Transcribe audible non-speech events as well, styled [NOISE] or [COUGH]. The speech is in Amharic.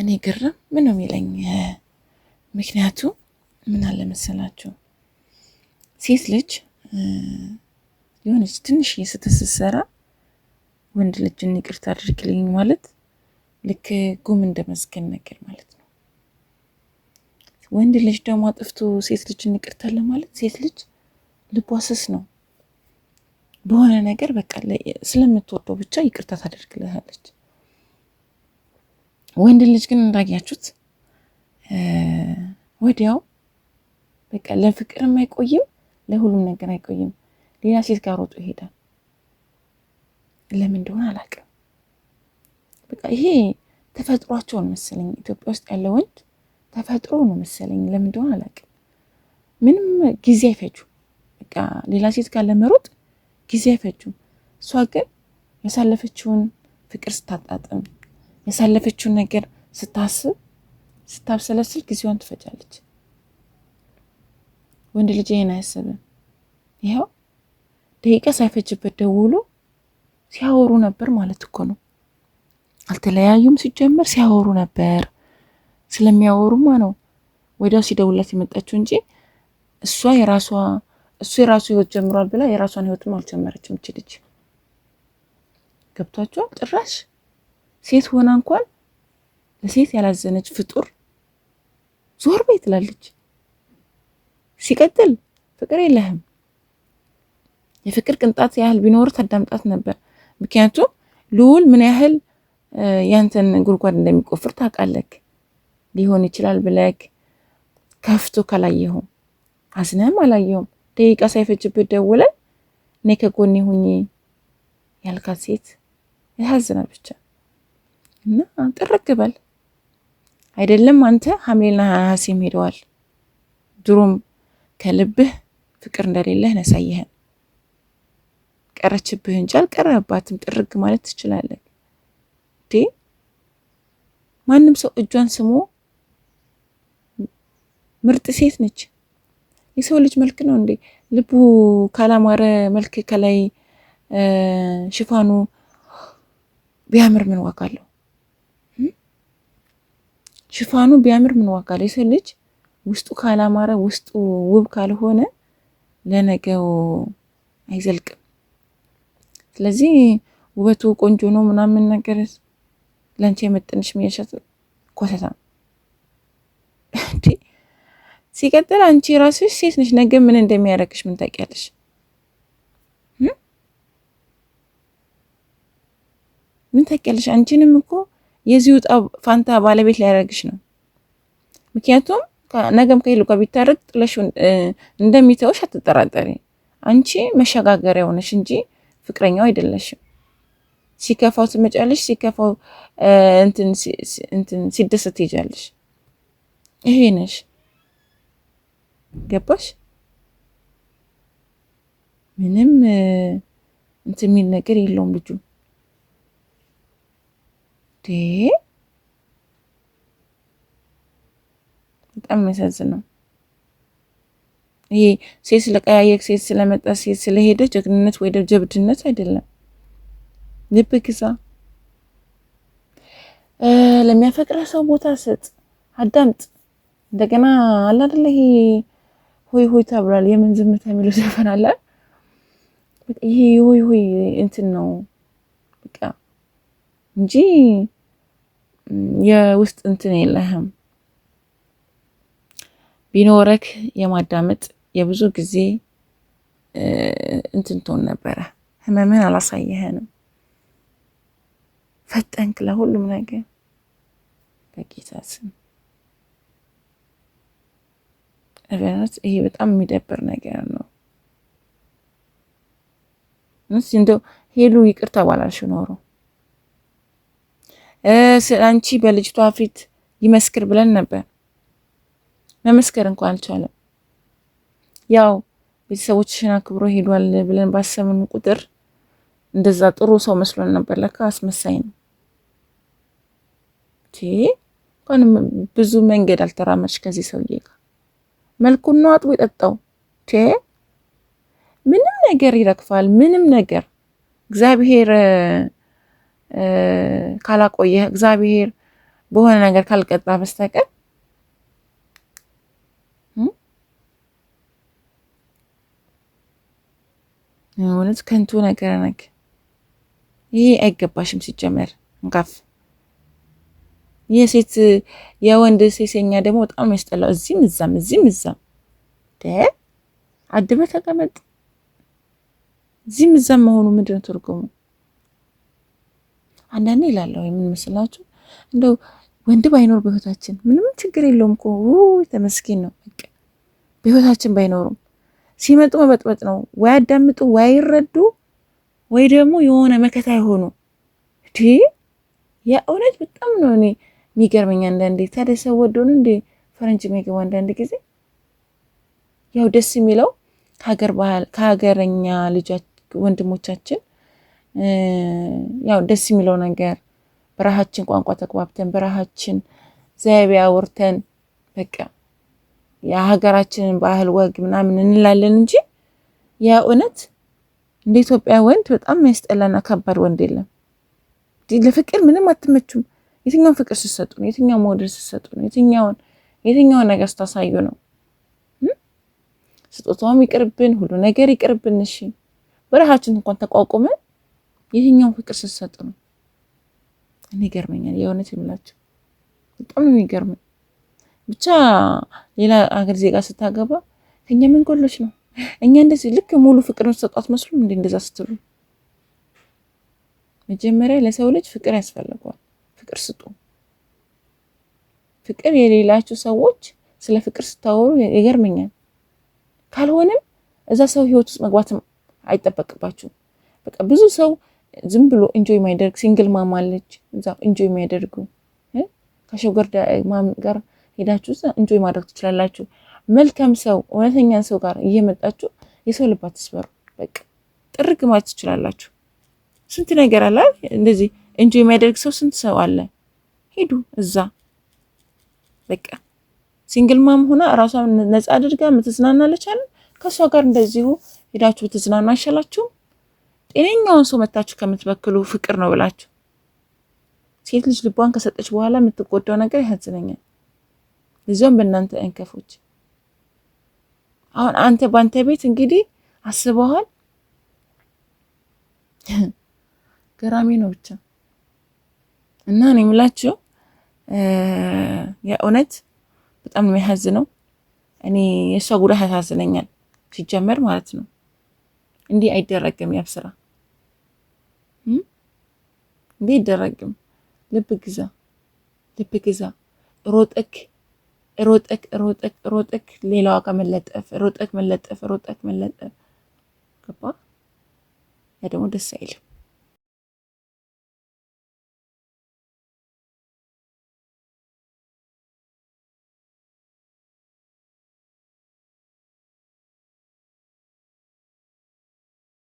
እኔ ግርም ምን ነው የሚለኝ ምክንያቱ ምን አለ መሰላችሁ ሴት ልጅ የሆነች ትንሽ ስህተት ስትሰራ ወንድ ልጅን ይቅርታ አድርግልኝ ማለት ልክ ጉም እንደመዝገን ነገር ማለት ነው። ወንድ ልጅ ደግሞ አጥፍቶ ሴት ልጅን ይቅርታ ለማለት ሴት ልጅ ልቧ ስስ ነው። በሆነ ነገር በቃ ስለምትወደው ብቻ ይቅርታ ታደርግልሃለች። ወንድ ልጅ ግን እንዳያችሁት ወዲያው በቃ ለፍቅርም አይቆይም፣ ለሁሉም ነገር አይቆይም። ሌላ ሴት ጋር ሮጦ ይሄዳል። ለምን እንደሆነ አላውቅም። በቃ ይሄ ነው መሰለኝ ኢትዮጵያ ውስጥ ያለ ወንድ ተፈጥሮ ነው መሰለኝ። ለምን እንደሆነ አላውቅም። ምንም ጊዜ አይፈጁም። በቃ ሌላ ሴት ጋር ለመሮጥ ጊዜ አይፈጁም። እሷ ግን ያሳለፈችውን ፍቅር ስታጣጥም ያሳለፈችውን ነገር ስታስብ ስታብሰለስል ጊዜዋን ትፈጃለች። ወንድ ልጅ ይህን አያስብም። ይኸው ደቂቃ ሳይፈጅበት ደውሎ ሲያወሩ ነበር ማለት እኮ ነው። አልተለያዩም ሲጀመር፣ ሲያወሩ ነበር። ስለሚያወሩማ ነው ወዲያው ሲደውላት የመጣችው እንጂ እሷ የራሷ እሱ የራሱ ህይወት ጀምሯል ብላ የራሷን ህይወትም አልጀመረችም። እች ልጅ ገብቷቸዋል ጭራሽ ሴት ሆና እንኳን ለሴት ያላዘነች ፍጡር ዞር በይ ትላለች። ሲቀጥል ፍቅር የለህም። የፍቅር ቅንጣት ያህል ቢኖር ታዳምጣት ነበር። ምክንያቱም ልዑል ምን ያህል ያንተን ጉድጓድ እንደሚቆፍር ታውቃለህ። ሊሆን ይችላል ብለህ ከፍቶ ከላየሁ አዝነህም አላየሁም ደቂቃ ሳይፈጅብህ ደውለህ እኔ ከጎኔ ሁኚ ያልካት ሴት ያሳዝናል ብቻ። እና ጥርቅ በል አይደለም አንተ ሐምሌና ነሐሴም ሄደዋል። ድሮም ከልብህ ፍቅር እንደሌለህ ነሳየህን ቀረችብህ እንጂ አልቀረህባትም። ጥርግ ማለት ትችላለህ። ዴ ማንም ሰው እጇን ስሞ ምርጥ ሴት ነች። የሰው ልጅ መልክ ነው እንዴ? ልቡ ካላማረ መልክ ከላይ ሽፋኑ ቢያምር ምን ዋጋ አለው? ሽፋኑ ቢያምር ምን ዋጋ አለው? የሰው ልጅ ውስጡ ካላማረ ውስጡ ውብ ካልሆነ ለነገው አይዘልቅም። ስለዚህ ውበቱ ቆንጆ ነው ምናምን ነገር ለአንቺ የመጠንሽ የሚያሸት ኮተታ ሲቀጥል አንቺ ራስሽ ሴት ነሽ፣ ነገ ምን እንደሚያደርግሽ ምን ታውቂያለሽ? ምን ታውቂያለሽ? አንቺንም እኮ የዚህ ውጣ ፋንታ ባለቤት ሊያደርግሽ ነው። ምክንያቱም ነገም ከሄሉ ጋር ቢታረቅ ጥለሽ እንደሚተውሽ አትጠራጠሪ። አንቺ መሸጋገሪያ የሆነሽ እንጂ ፍቅረኛው አይደለሽም። ሲከፋው ትመጫለሽ፣ ሲከፋው እንትን ሲደሰት ትሄጃለሽ። ይሄ ነሽ። ገባሽ? ምንም እንትን የሚል ነገር የለውም ልጁ በጣም የሚያሳዝነው ይሄ ሴት ስለቀያየቅ፣ ሴት ስለመጣ፣ ሴት ስለሄደ ጀግንነት ወይ ጀብድነት አይደለም። ልብ ግዛ፣ ለሚያፈቅረ ሰው ቦታ ስጥ፣ አዳምጥ። እንደገና አለ አይደለ ይሄ ሆይ ሆይ ታብራል የምን ዝምታ የሚለው ዘፈን አለ። ይሄ ሆይ ሆይ እንትን ነው በቃ እንጂ የውስጥ እንትን የለህም። ቢኖረክ የማዳመጥ የብዙ ጊዜ እንትን ትሆን ነበረ። ህመምን አላሳየህንም። ፈጠንክ ለሁሉም ነገር በጌታ ስም። ይሄ በጣም የሚደብር ነገር ነው። እንስ እንደው ሄሉ ይቅርታ ባላልሽ ኖሮ አንቺ በልጅቷ ፊት ይመስክር ብለን ነበር። መመስከር እንኳን አልቻለም። ያው ቤተሰቦችሽን አክብሮ ሄዷል ብለን ባሰብን ቁጥር እንደዛ ጥሩ ሰው መስሎን ነበር። ለካ አስመሳይ ነው። እንኳንም ብዙ መንገድ አልተራመድሽ ከዚህ ሰውዬ ጋር መልኩን ነው አጥቦ የጠጣው። ምንም ነገር ይረግፋል። ምንም ነገር እግዚአብሔር ካላቆየህ እግዚአብሔር በሆነ ነገር ካልቀጣ በስተቀር እውነት ከንቱ ነገር ነክ ይህ አይገባሽም። ሲጀመር እንካፍ የሴት የወንድ ሴሰኛ ደግሞ በጣም ያስጠላው። እዚህም እዛም እዚህም እዛም አድበ ተቀመጥ። እዚህም እዛም መሆኑ ምንድን ነው ትርጉሙ? አንዳንዴ ይላለሁ የምንመስላችሁ እንደው ወንድ ባይኖር በህይወታችን ምንም ችግር የለውም እኮ ተመስገን ነው። በህይወታችን ባይኖሩም ሲመጡ መበጥበጥ ነው። ወይ አዳምጡ፣ ወይ ይረዱ፣ ወይ ደግሞ የሆነ መከታ የሆኑ እንዲ የእውነት በጣም ነው እኔ የሚገርመኝ። አንዳንዴ ታዲያ ሰው ወዶን እንደ ፈረንጅ የሚገቡ አንዳንድ ጊዜ ያው ደስ የሚለው ከሀገር ባህል ከሀገረኛ ልጆች ወንድሞቻችን ያው ደስ የሚለው ነገር በረሃችን ቋንቋ ተግባብተን በራሃችን ዘይቤ አውርተን በቃ የሀገራችንን ባህል ወግ ምናምን እንላለን እንጂ እውነት እንደ ኢትዮጵያ ወንድ በጣም የሚያስጠላና ከባድ ወንድ የለም። ለፍቅር ምንም አትመቹም። የትኛውን ፍቅር ስሰጡ ነው? የትኛው መውደድ ስሰጡ ነው? የትኛውን የትኛውን ነገር ስታሳዩ ነው? ስጦታውም ይቅርብን፣ ሁሉ ነገር ይቅርብን። እሺ በረሃችን እንኳን ተቋቁመን የትኛውን ፍቅር ስትሰጥ ነው? እኔ ይገርመኛል፣ የእውነት የምላቸው በጣም ነው የሚገርመኝ። ብቻ ሌላ አገር ዜጋ ስታገባ ከኛ ምን ጎሎች ነው? እኛ እንደዚህ ልክ ሙሉ ፍቅር ስትሰጧት መስሉ እንደ እንደዛ ስትሉ መጀመሪያ ለሰው ልጅ ፍቅር ያስፈልገዋል። ፍቅር ስጡ። ፍቅር የሌላችሁ ሰዎች ስለ ፍቅር ስታወሩ ይገርመኛል። ካልሆነም እዛ ሰው ህይወት ውስጥ መግባትም አይጠበቅባችሁም። በቃ ብዙ ሰው ዝም ብሎ ኢንጆይ ማይደርግ ሲንግል ማም አለች እዛ ኢንጆይ ማይደርጉ ከሾገር ማም ጋር ሄዳችሁ እዛ ኢንጆይ ማድረግ ትችላላችሁ። መልካም ሰው እውነተኛን ሰው ጋር እየመጣችሁ የሰው ልብ አትስበሩ። በቃ ጥርግ ማለት ትችላላችሁ። ስንት ነገር አለ እንደዚህ ኢንጆይ የሚያደርግ ሰው ስንት ሰው አለ። ሄዱ እዛ በቃ ሲንግል ማም ሆና እራሷን ነፃ አድርጋ ምትዝናናለች አለ ከእሷ ጋር እንደዚሁ ሄዳችሁ ብትዝናኑ አይሻላችሁም? ጤነኛውን ሰው መታችሁ ከምትበክሉ ፍቅር ነው ብላችሁ። ሴት ልጅ ልቧን ከሰጠች በኋላ የምትጎዳው ነገር ያሳዝነኛል። እዚም በእናንተ እንከፎች። አሁን አንተ በአንተ ቤት እንግዲህ አስበዋል። [LAUGHS] ገራሚ ነው ብቻ እና ነው የምላችሁ። የእውነት በጣም ነው የሚያሳዝነው። እኔ የእሷ ጉዳ ያሳዝነኛል ሲጀመር ማለት ነው። እንዲህ አይደረግም። ያ ስራ እንዲህ አይደረግም። ልብ ግዛ፣ ልብ ግዛ። ሮጠክ ሮጠክ ሮጠክ ሮጠክ ሌላዋ ጋር መለጠፍ፣ ሮጠክ መለጠፍ፣ ሮጠክ መለጠፍ። ገባ? ያ ደግሞ ደስ አይልም።